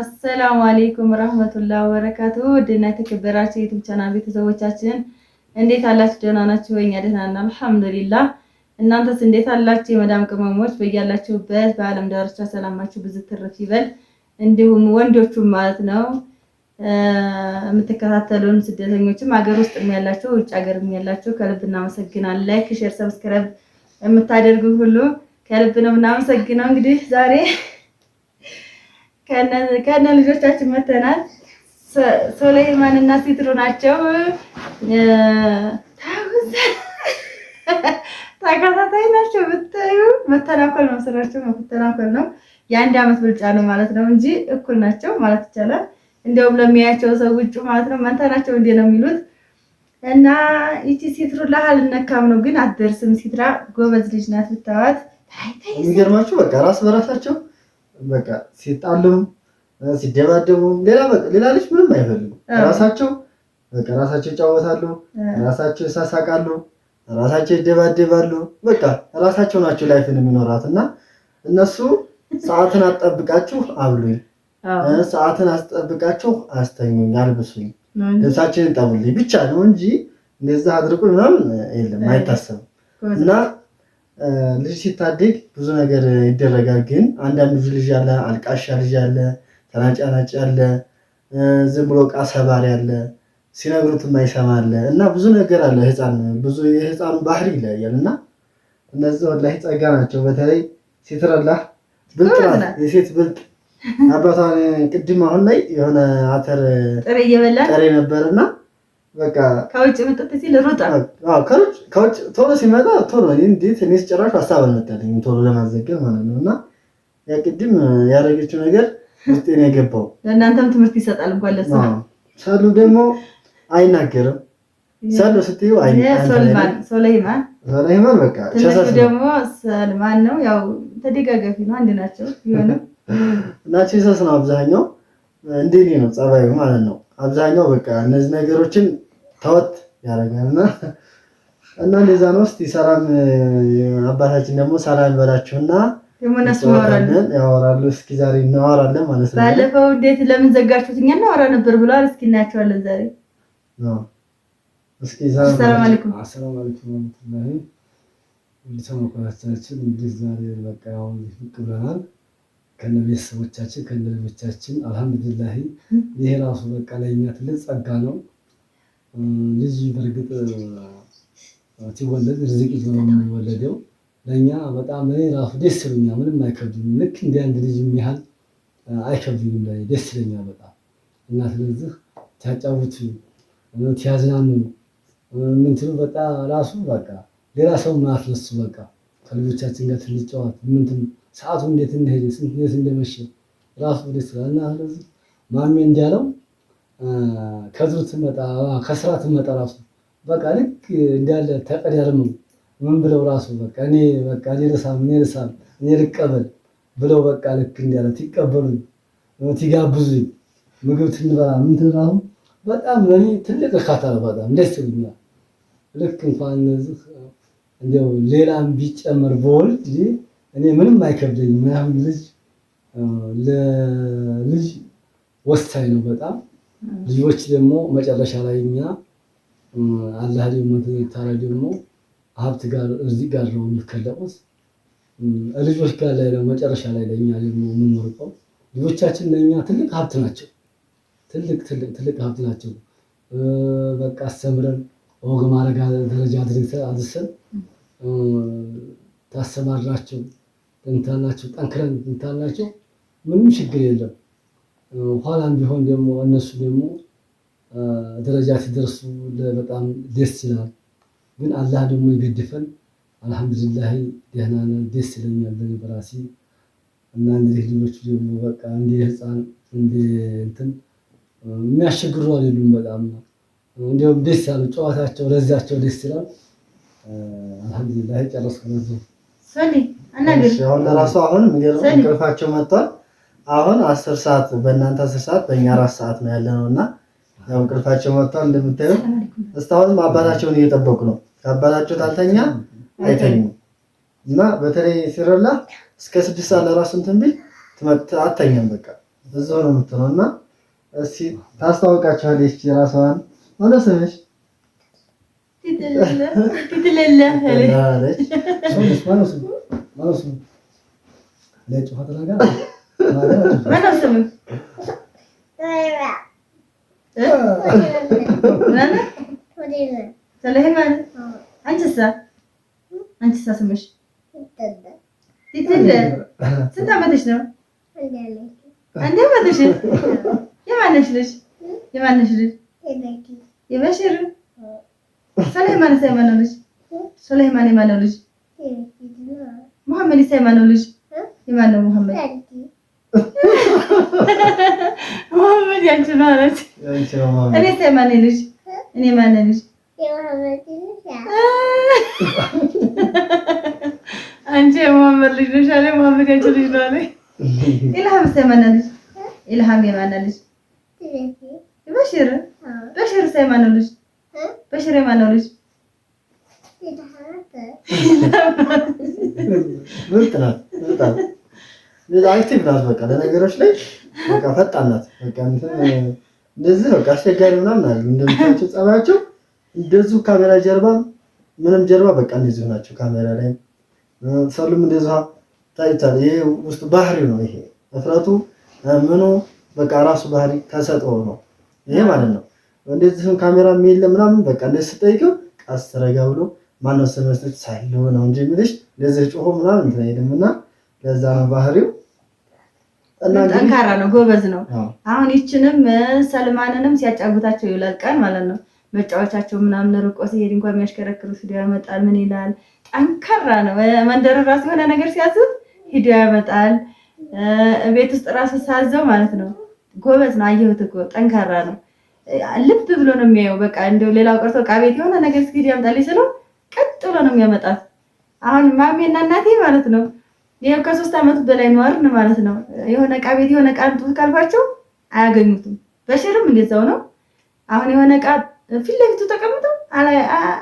አሰላሙ አሌይኩም ረህመቱላህ ወበረካቱ ድና የተከበራችሁ የዩቲዩብ ቻናል ቤተሰቦቻችን እንዴት አላችሁ? ደህና ናችሁ? እኛ ደህና ነን አልሐምዱሊላህ። እናንተስ እንዴት አላችሁ? የመዳም ቅመሞች በያላችሁበት በዓለም ዳርቻ ሰላማችሁ ብዙ ትርፍ ይበል። እንዲሁም ወንዶቹም ማለት ነው የምትከታተሉን ስደተኞችም ሀገር ውስጥ ያላችሁ ውጭ ሀገር ያላችሁ ከልብ እናመሰግናለን። ላይክ፣ ሼር፣ ሰብስክራይብ የምታደርጉ ሁሉ ከልብ ነው እናመሰግነው። እንግዲህ ዛሬ ከነ ልጆቻችን መተናል። ሶለይማን እና ሲትሩ ናቸው። ተከታታይ ናቸው ብታዩ መተናኮል ነው ስራቸው፣ መተናኮል ነው። የአንድ አመት ብልጫ ነው ማለት ነው እንጂ እኩል ናቸው ማለት ይቻላል። እንዲያውም ለሚያያቸው ሰው ውጭ ማለት ነው መንታ እንዴ ነው የሚሉት። እና ይቺ ሲትሩ ላህል ነካም ነው ግን አትደርስም። ሲትራ ጎበዝ ልጅ ናት ብታዋት የሚገርማቸው በቃ ራስ በራሳቸው በቃ ሲጣሉም ሲደባደቡም ሌላ ሌላ ልጅ ምንም አይፈልጉ ራሳቸው በቃ ራሳቸው ይጫወታሉ፣ ራሳቸው ይሳሳቃሉ፣ ራሳቸው ይደባደባሉ። በቃ ራሳቸው ናቸው ላይፍን የሚኖራት እና እነሱ ሰዓትን አጠብቃችሁ አብሉኝ፣ ሰዓትን አስጠብቃችሁ አስተኙኝ፣ አልብሱኝ፣ ልብሳችንን ጠቡልኝ ብቻ ነው እንጂ እንደዛ አድርጉ ምናምን የለም አይታሰብም እና ልጅ ሲታደግ ብዙ ነገር ይደረጋል። ግን አንዳንድ ልጅ አለ፣ አልቃሻ ልጅ አለ፣ ተናጫናጭ አለ፣ ዝም ብሎ ዕቃ ሰባሪ አለ፣ ሲነግሩት የማይሰማ አለ እና ብዙ ነገር አለ። ህፃን ብዙ የህፃኑ ባህሪ ይለያል እና እነዚህ ወላሂ ጸጋ ናቸው። በተለይ ሲትረላ ብልጥ የሴት ብልጥ አባቷን ቅድም አሁን ላይ የሆነ አተር ጥሬ እና ከውጭ መጠጥ ሲል ሮጣ ከውጭ ቶሎ ሲመጣ ቶሎ እንዴት እኔስ ጭራሽ ሀሳብ አልመጣልኝም ቶሎ ለማዘገብ ማለት ነው። እና ያ ቅድም ያደረገችው ነገር ውስጤን የገባው ለእናንተም ትምህርት ይሰጣል። እንኳን ለሱ ሰሉ ደግሞ አይናገርም። ሰሉ ስትዩ ሶለይማን ሶለይማን በቃ ትንሹ ደግሞ ሰልማን ነው። ያው ተደጋጋፊ ነው፣ አንድ ናቸው ቢሆንም ናቸው ሰስ ነው አብዛኛው እንዴ ነው ጸባዩ ማለት ነው። አብዛኛው በቃ እነዚህ ነገሮችን ተወት ያደርጋል እና እና እንደዛ ነው። እስቲ ሰላም አባታችን ደግሞ ሰላም በላችሁና የሞናስ ማወራለን ያወራሉ። እስኪ ዛሬ እናወራለን ማለት ነው። ባለፈው እንዴት ለምን ዘጋችሁት? እኛ እናወራ ነበር ብለዋል። እስኪ እናያቸዋለን ዛሬ ነው። እስኪ ዛሬ ሰላም አለይኩም አሰላም አለይኩም ወራህመቱላሂ ወበረካቱህ። ሰሞኑን እንዴት ዛሬ በቃ አሁን ይቅርብናል ከነ ቤተሰቦቻችን ከነ ልጆቻችን አልሐምዱሊላህ። ይሄ ራሱ በቃ ለእኛ ትልቅ ጸጋ ነው። ልጅ በእርግጥ ሲወለድ ርዝቅ ይዞ ነው የሚወለደው። ለእኛ በጣም እኔ ራሱ ደስ ይለኛል። ምንም አይከብድም። ልክ እንደ አንድ ልጅ የሚያህል አይከብድም። ላይ ደስ ይለኛል በጣም እና ስለዚህ ሲያጫውቱ ሲያዝናኑ ምንትሉ በጣም ራሱ በቃ ሌላ ሰው ማያስነሱ በቃ ከልጆቻችን ጋር ትንጫወት ምንትን ሰዓቱ እንዴት እንደሄደ ስንት እንዴት እንደመሸ ራሱ ወደ ስራና ስለዚህ ማሚ እንዲያለው ከዙር ትመጣ ከስራ ትመጣ ራሱ በቃ ልክ እንዳለ ተቀዳርመው ምን ብለው ራሱ በቃ እኔ በቃ እኔ ልሳም እኔ ልሳም እኔ ልቀበል ብለው በቃ ልክ እንዳለ ትቀበሉኝ ትጋብዙኝ ምግብ ትንበላ ምን ትራሁ በጣም ለኔ ትልቅ እርካታ ነው። በጣም ደስ ይለኛል። ልክ እንኳን እንደው ሌላም ቢጨመር በወልድ እኔ ምንም አይከብደኝ ምናምን ልጅ ለልጅ ወሳኝ ነው በጣም ልጆች ደግሞ መጨረሻ ላይ እኛ አላህ ደግሞ ታራ ደግሞ ሀብት ጋር እዚህ ጋር ነው የሚከለቁት ልጆች ጋር ላይ ነው መጨረሻ ላይ ለእኛ ደግሞ የምንወርቀው ልጆቻችን ለእኛ ትልቅ ሀብት ናቸው ትልቅ ትልቅ ትልቅ ሀብት ናቸው በቃ አስተምረን ወግ ማድረግ ደረጃ አድርሰን ታሰማራቸው እንታላችሁ ጠንክረን እንታላችሁ ምንም ችግር የለም። ኋላም ቢሆን ደግሞ እነሱ ደግሞ ደረጃ ሲደርሱ በጣም ደስ ይላል። ግን አላህ ደግሞ ይገድፈን። አልሐምዱሊላህ ደህና ነን። ደስ ይለኛል በእኔ በራሴ እና እንደዚህ ልጆቹ ደግሞ በቃ እንደ ህፃን እንደ እንትን የሚያስቸግሩ አይደሉም። በጣም እንዲሁም ደስ ያሉ ጨዋታቸው ለዛቸው ደስ ይላል። አልሐምዱሊላህ ጨረስኩ። አሁን ለራሱ አሁን የሚገርም እንቅልፋቸው መጥቷል። አሁን አስር ሰዓት በእናንተ አስር ሰዓት በእኛ አራት ሰዓት ነው ያለ ነው እና ያው እንቅልፋቸው መጥቷል። እስካሁንም አባታቸውን እየጠበቁ ነው። ከአባታቸው ታልተኛ አይተኙም እና በተለይ ሲረላ እስከ ስድስት ሰዓት ለራሱ እንትን ቢል አተኛም በቃ እዛው ነው የምትለው እና እስኪ ራሷን ሆነ ስምሽ Didelelle. Didelelle. Hele. Sonuç manosun. Manosun. Ne çok hatırlar Ne? Nana? Söyle hemen. Hangisi? Hangisi asılmış? Dede. Dede. Sen tam ateşin Anne mi ne Yemen ateşin. ne ateşin. Yemek. Yemek yerim. ስለማን የማነው ልጅ? ስለማን የማነው ልጅ? መሐመድ የማነው ልጅ? የማነው መሐመድ? መሐመድ ያንቺ ነው አለች። እኔ የማን ልጅ? እኔ የማን ልጅ? አንቺ የመሐመድ ልጅ ነሽ አለ። መሐመድ ያንቺ ልጅ ነው አለ። ኢልሃም የማን ልጅ? ኢልሃም የማን ልጅ? በሽር በሽር የማነው ልጅ? በሽሬ ማነው ናት። አክቲቭ ናት። በቃ ለነገሮች ላይ በቃ ፈጣን ናት። በቃ እንደዚህ በቃ አስቸጋሪ ምናምን አለ እንደምታቸው ጸባያቸው እንደዚሁ ካሜራ ጀርባ ምንም ጀርባ በቃ እንደዚሁ ናቸው። ካሜራ ላይ ሰሉም እንደዚሁ ታይታል። ይሄ ውስጥ ነው። ይሄ እፍረቱ ምኑ በቃ ራሱ ባህሪ ተሰጥኦ ነው ይሄ ማለት ነው። እንደዚህም ካሜራ የሚል ምናምን በቃ እንደዚህ ስጠይቀው ቀስ ረጋ ብሎ ማነው ስመስት ሳይለው ነው እንጂ የሚልሽ እንደዚህ ጮሆ ምናምን እንትን አይልም። እና ለዛ ነው ባህሪው። ጠንካራ ነው፣ ጎበዝ ነው። አሁን ይችንም ሰልማንንም ሲያጫጉታቸው ይውላል ቀን ማለት ነው። መጫወቻቸው ምናምን ርቆ ሲሄድ እንኳን የሚያሽከረክሩ ሂዶ ያመጣል። ምን ይላል? ጠንካራ ነው። መንደር ራሱ የሆነ ነገር ሲያዙት ሂዶ ያመጣል። ቤት ውስጥ ራሱ ሳዘው ማለት ነው። ጎበዝ ነው። አየሁት እኮ ጠንካራ ነው። ልብ ብሎ ነው የሚያየው። በቃ እንደው ሌላው ቀርቶ ዕቃ ቤት የሆነ ነገር እስኪሄድ ያምጣልኝ ስለው ቀጥ ብሎ ነው የሚያመጣት። አሁን ማሜ ማሜና እናቴ ማለት ነው ይሄው ከሶስት ዓመቱ በላይ ኖርን ማለት ነው። የሆነ ዕቃ ቤት የሆነ ዕቃ እንትን ካልኳቸው አያገኙትም። በሽርም እንደዛው ነው። አሁን የሆነ ዕቃ ፊት ለፊቱ ተቀምጠው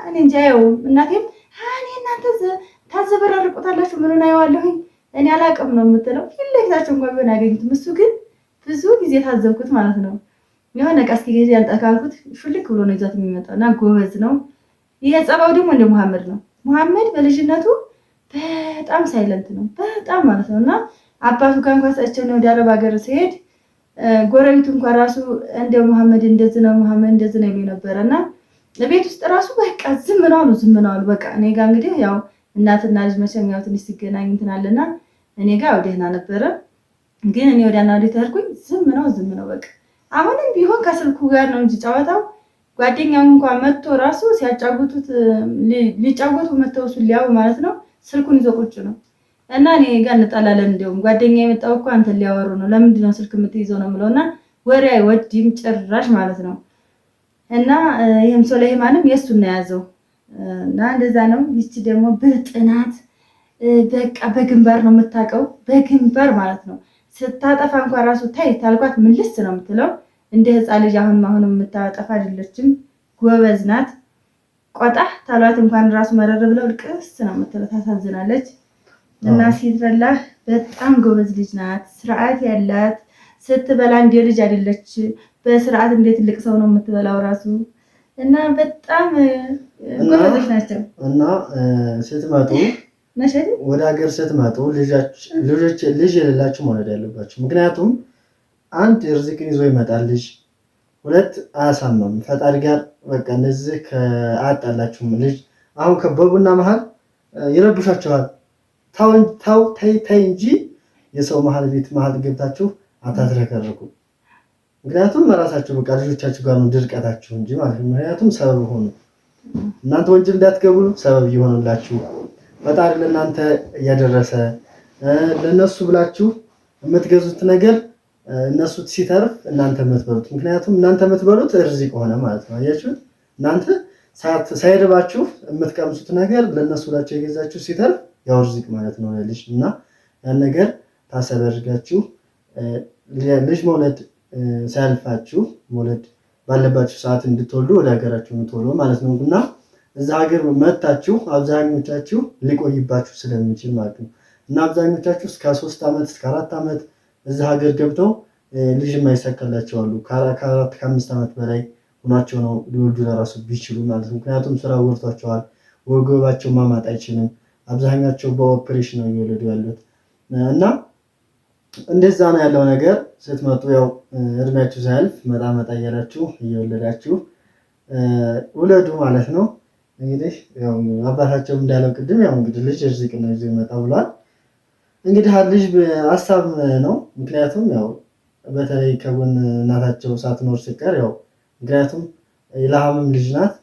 እኔ እንጂ አየውም። እናቴም እኔ እናንተ ታዘበራርቁታላችሁ ምኑን አየዋለሁኝ እኔ አላቅም ነው የምትለው። ፊት ለፊታቸው እንኳን ቢሆን አያገኙትም። እሱ ግን ብዙ ጊዜ ታዘብኩት ማለት ነው። የሆነ ቀስ ጊዜ ያልጠካልኩት ፍልክ ብሎ ነው ይዛት የሚመጣው እና ጎበዝ ነው። ይህ ጸባው ደግሞ እንደ መሐመድ ነው። መሐመድ በልጅነቱ በጣም ሳይለንት ነው፣ በጣም ማለት ነው። እና አባቱ ጋር እንኳን ሰቸው ነው ወደ አረብ ሀገር ሲሄድ ጎረቤቱ እንኳ ራሱ እንደ መሐመድ እንደዚህ ነው፣ መሐመድ እንደዚህ ነው የሚለው ነበረ እና ቤት ውስጥ ራሱ በቃ ዝም ነው አሉ፣ ዝም ነው አሉ። በቃ እኔ ጋር እንግዲህ ያው እናትና ልጅ መቼም ያው ትንሽ ሲገናኝ እንትን አለና እኔ ጋር ያው ደህና ነበረ፣ ግን እኔ ወዲያና ወዲህ ተርኩኝ ዝም ነው ዝም ነው በቃ አሁንም ቢሆን ከስልኩ ጋር ነው እንጂ ጨዋታው ጓደኛው እንኳን መጥቶ ራሱ ሲያጫውቱት ሊጫወቱ መጥተው እሱን ሊያው ማለት ነው ስልኩን ይዞ ቁጭ ነው እና እኔ ጋር እንጣላለን። እንዲሁም ጓደኛ የመጣው እኮ አንተን ሊያወሩ ነው፣ ለምንድን ነው ስልክ የምትይዘው ነው የምለው እና ወሬ አይወድም ጭራሽ ማለት ነው። እና ይህም ሶለይማንም የእሱን ነው የያዘው እና እንደዛ ነው። ይቺ ደግሞ በጥናት በቃ በግንባር ነው የምታውቀው፣ በግንባር ማለት ነው። ስታጠፋ እንኳን ራሱ ታይ ታልኳት ምልስ ነው የምትለው እንደ ህፃ ልጅ አሁን አሁን የምታጠፋ አይደለችም። ጎበዝ ናት። ቆጣ ታሏት እንኳን ራሱ መረር ብለው ልቅስ ነው የምትለው። ታሳዝናለች። እና ሲትረላ በጣም ጎበዝ ልጅ ናት፣ ስርዓት ያላት ስትበላ እንደ ልጅ አይደለች። በስርዓት እንደ ትልቅ ሰው ነው የምትበላው ራሱ እና በጣም ጎበዞች ናቸው። እና ስትመጡ ወደ ሀገር ስትመጡ ልጅ የሌላችሁ መውለድ ያለባችሁ ምክንያቱም አንድ ርዝቅን ይዞ ይመጣልሽ፣ ሁለት አያሳምም ፈጣሪ ጋር በቃ እነዚህ አያጣላችሁም። ልጅ አሁን በቡና መሀል ይረብሻችኋል። ታው ተይ ተይ እንጂ የሰው መሀል ቤት መሀል ገብታችሁ አታትረከርኩ። ምክንያቱም ራሳችሁ በቃ ልጆቻችሁ ጋር ነው ድርቀታችሁ እንጂ ማለት ነው። ምክንያቱም ሰበብ ሆኑ እናንተ ወንጀል እንዳትገቡ ሰበብ እየሆኑላችሁ ፈጣሪ ለእናንተ እያደረሰ ለእነሱ ብላችሁ የምትገዙት ነገር እነሱ ሲተርፍ እናንተ የምትበሉት ምክንያቱም እናንተ የምትበሉት እርዚ ሆነ ማለት ነው። አያችሁት? እናንተ ሳይርባችሁ የምትቀምሱት ነገር ለእነሱ ብላችሁ የገዛችሁ ሲተርፍ ያው ርዚቅ ማለት ነው ለልጅ እና ያን ነገር ታሰብ አድርጋችሁ ልጅ መውለድ ሳያልፋችሁ መውለድ ባለባችሁ ሰዓት እንድትወልዱ ወደ ሀገራችሁ ምትወሉ ማለት ነው እና እዛ ሀገር መታችሁ አብዛኞቻችሁ ሊቆይባችሁ ስለሚችል ማለት ነው እና አብዛኞቻችሁ እስከ ሶስት ዓመት እስከ አራት ዓመት እዚህ ሀገር ገብተው ልጅ የማይሳካላቸው አሉ። ከአራት ከአምስት ዓመት በላይ ሆኗቸው ነው ሊወልዱ ለራሱ ቢችሉ ማለት ነው። ምክንያቱም ስራ ወርቷቸዋል፣ ወገባቸው ማማጥ አይችልም። አብዛኛቸው በኦፕሬሽን ነው እየወለዱ ያሉት እና እንደዛ ነው ያለው ነገር። ስትመጡ ያው እድሜያችሁ ሳያልፍ መጣ መጣ እያላችሁ እየወለዳችሁ ውለዱ ማለት ነው። እንግዲህ አባታቸውም እንዳለው ቅድም ያው እንግዲህ ልጅ እርዝቅ ነው ይዞ ይመጣ ብሏል። እንግዲህ ሀልጅ ሀሳብ ነው። ምክንያቱም ያው በተለይ ከጎን እናታቸው ሳትኖር ሲቀር ያው ምክንያቱም የለሀምም ልጅ ናት።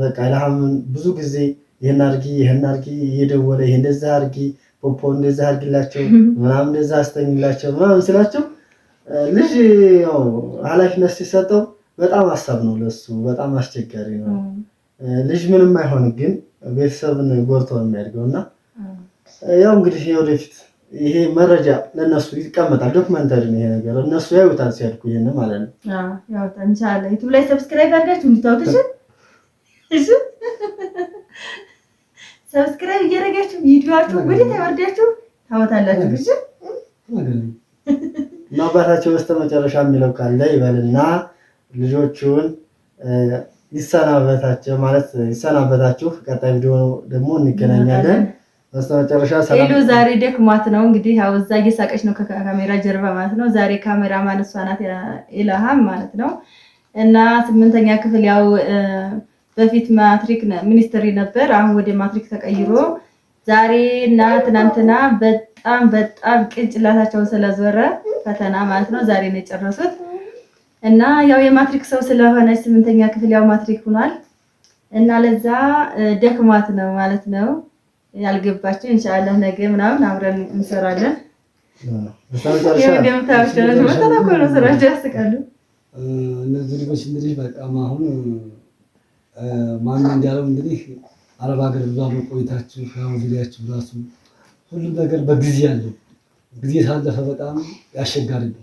በቃ የለሀምን ብዙ ጊዜ ይህን አርጊ ይህን አርጊ እየደወለ ይህ እንደዛ አርጊ ፖፖ እንደዛ አርጊላቸው ምናምን እንደዛ አስተኝላቸው ምናምን ስላቸው ልጅ ያው ኃላፊነት ሲሰጠው በጣም ሀሳብ ነው ለሱ በጣም አስቸጋሪ ነው። ልጅ ምንም አይሆን ግን ቤተሰብን ጎርቶ ነው የሚያድገው እና ያው እንግዲህ ወደፊት ይሄ መረጃ ለእነሱ ይቀመጣል። ዶክመንተሪ ነው ይሄ ነገር፣ እነሱ ያዩታል ሲያድጉ ይህን ማለት ነው። ያውታንቻለ ዩቱብ ላይ ሰብስክራይብ አድርጋችሁ እንድታወቅሽ እሱ ሰብስክራይብ እያደረጋችሁ ቪዲዮችሁ ወደ ተወርዳችሁ ታወታላችሁ። ግዜ አባታቸው በስተመጨረሻ የሚለው ካለ ይበልና ልጆቹን ይሰናበታቸው ማለት ይሰናበታችሁ። ቀጣይ ቪዲዮ ደግሞ እንገናኛለን። በስተመጨረሻ ሄሎ ዛሬ ደክሟት ነው እንግዲህ ያው እዛ እየሳቀች ነው ከካሜራ ጀርባ ማለት ነው። ዛሬ ካሜራ ማነሷ ናት ኢላሃም ማለት ነው። እና ስምንተኛ ክፍል ያው በፊት ማትሪክ ሚኒስትሪ ነበር፣ አሁን ወደ ማትሪክ ተቀይሮ ዛሬ እና ትናንትና በጣም በጣም ቅንጭላታቸውን ስለዞረ ፈተና ማለት ነው ዛሬ ነው የጨረሱት። እና ያው የማትሪክ ሰው ስለሆነች ስምንተኛ ክፍል ያው ማትሪክ ሆኗል እና ለዛ ደክሟት ነው ማለት ነው። ያልገባቸው ኢንሻአላህ ነገ ምናምን አብረን እንሰራለን። እነዚህ ልጆች እንግዲህ በጣም አሁን ማን እንዳለው እንግዲህ አረብ ሀገር ብዙ አመት ቆይታችሁ ራሱ ሁሉም ነገር በጊዜ አለ። ጊዜ ሳለፈ በጣም ያስቸጋሪ ነው።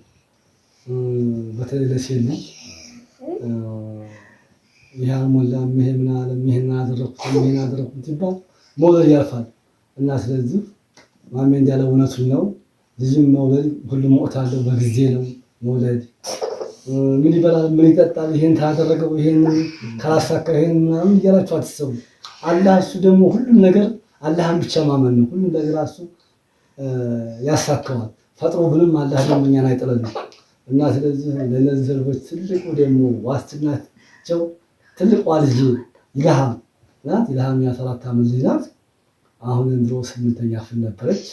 በተለይ ለሴት ልጅ ይህ አልሞላም፣ ይሄ ምን አለም፣ ይሄን አደረኩት፣ ይሄን አደረኩት ይባል መውለድ ያልፋል እና ስለዚህ ማሜ እንዳለው እውነቱን ነው። ልጅም መውለድ ሁሉ ወቅት አለው። በጊዜ ነው መውለድ። ምን ይበላል፣ ምን ይጠጣል፣ ይሄን ታደረገው ይሄን ካላሳካ፣ ይሄን ምናምን እያላችሁ አትሰቡ። አላህ እሱ ደግሞ ሁሉም ነገር አላህን ብቻ ማመን ነው። ሁሉም ነገር እሱ ያሳካዋል። ብንም አላህ ደግሞ እኛን አይጥለንም እና ስለዚህ ለነዚህ ሰዎች ትልቁ ደግሞ ዋስትናቸው ትልቋ ልጅ ይልሃል ናት። የሃያ ሰባት ዓመት ልጅ ናት። አሁን ዘንድሮ ስምንተኛ ክፍል ነበረች።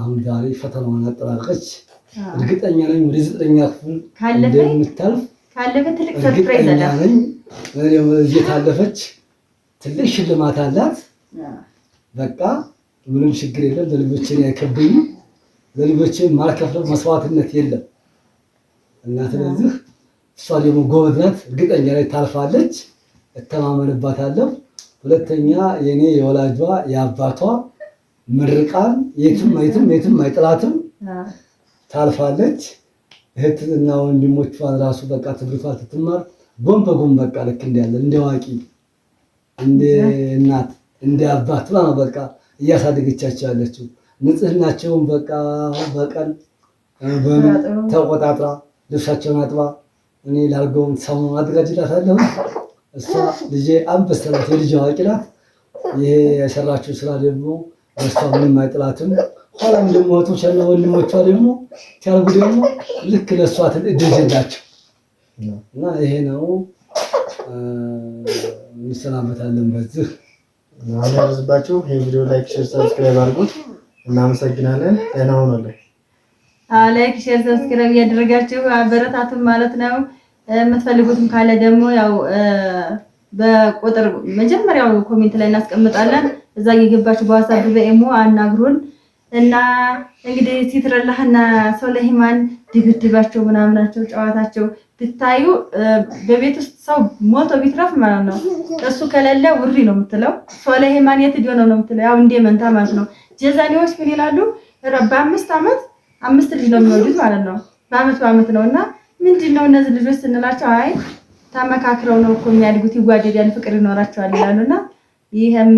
አሁን ዛሬ ፈተናዋን አጠናቀቀች። እርግጠኛ ነኝ ወደ ዘጠነኛ ክፍል እንደምታልፍ እርግጠኛ ነኝ። እየታለፈች ትልቅ ሽልማት አላት። በቃ ምንም ችግር የለም። ለልጆችን አይከብኝ ለልጆችን ማልከፍለው መስዋዕትነት የለም እና ስለዚህ እሷ ደግሞ ጎበዝ ናት። እርግጠኛ ላይ ታልፋለች። እተማመንባታለሁ። ሁለተኛ የኔ የወላጇ የአባቷ ምርቃን የትም አይትም የትም አይጥላትም፣ ታልፋለች። እህትና ወንድሞቿን ራሱ በቃ ትምህርቷ ትትማር ጎን በጎን በቃ ልክ እንዲያለ እንደ ዋቂ እንደ እናት እንደ አባት ማ በቃ እያሳደገቻቸው ያለችው ንጽህናቸውን በቃ በቀን ተቆጣጥራ ልብሳቸውን አጥባ እኔ ላርገውን ሰሞኑን አዘጋጅላታለሁ። እሷ ልጄ አምስት ናት፣ የልጅ አዋቂ ናት። ይሄ የሰራችው ስራ ደግሞ በእሷ ምንም አይጥላትም። ኋላም ደግሞ እህቶችና ወንድሞቿ ደግሞ ሲያደርጉ ደግሞ ልክ ለእሷ እድል እና ይሄ ነው እንሰናበታለን። በዚህ አናረዝባችሁ። ይሄ ቪዲዮ ላይክ፣ ሼር፣ ሰብስክራይብ አድርጉት። እናመሰግናለን። ጤና ሆኖለን ላይክ፣ ሼር፣ ሰብስክራይብ እያደረጋችሁ አበረታቱን ማለት ነው። የምትፈልጉትም ካለ ደግሞ ያው በቁጥር መጀመሪያው ኮሜንት ላይ እናስቀምጣለን። እዛ የገባችሁ በዋሳብ በኢሞ አናግሩን እና እንግዲህ ሲትረላህና ሶለሂማን ድግድባቸው ምናምናቸው ጨዋታቸው ብታዩ በቤት ውስጥ ሰው ሞቶ ቢትረፍ ማለት ነው። እሱ ከሌለ ውሪ ነው የምትለው። ሶለሂማን የት ሊሆነ ነው የምትለው። ያው እንዴ መንታ ማለት ነው። ጀዛኒዎች ምን ይላሉ? በአምስት ዓመት አምስት ልጅ ነው የሚወዱት ማለት ነው። በአመት በአመት ነው እና ምንድን ነው እነዚህ ልጆች ስንላቸው አይ ተመካክረው ነው እኮ የሚያድጉት ይዋደዳል፣ ፍቅር ይኖራቸዋል ይላሉና ይህም